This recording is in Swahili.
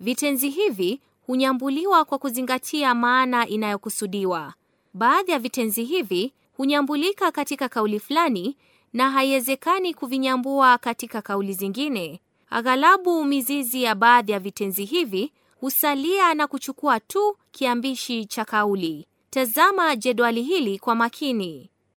Vitenzi hivi hunyambuliwa kwa kuzingatia maana inayokusudiwa. Baadhi ya vitenzi hivi hunyambulika katika kauli fulani na haiwezekani kuvinyambua katika kauli zingine. Aghalabu mizizi ya baadhi ya vitenzi hivi husalia na kuchukua tu kiambishi cha kauli. Tazama jedwali hili kwa makini.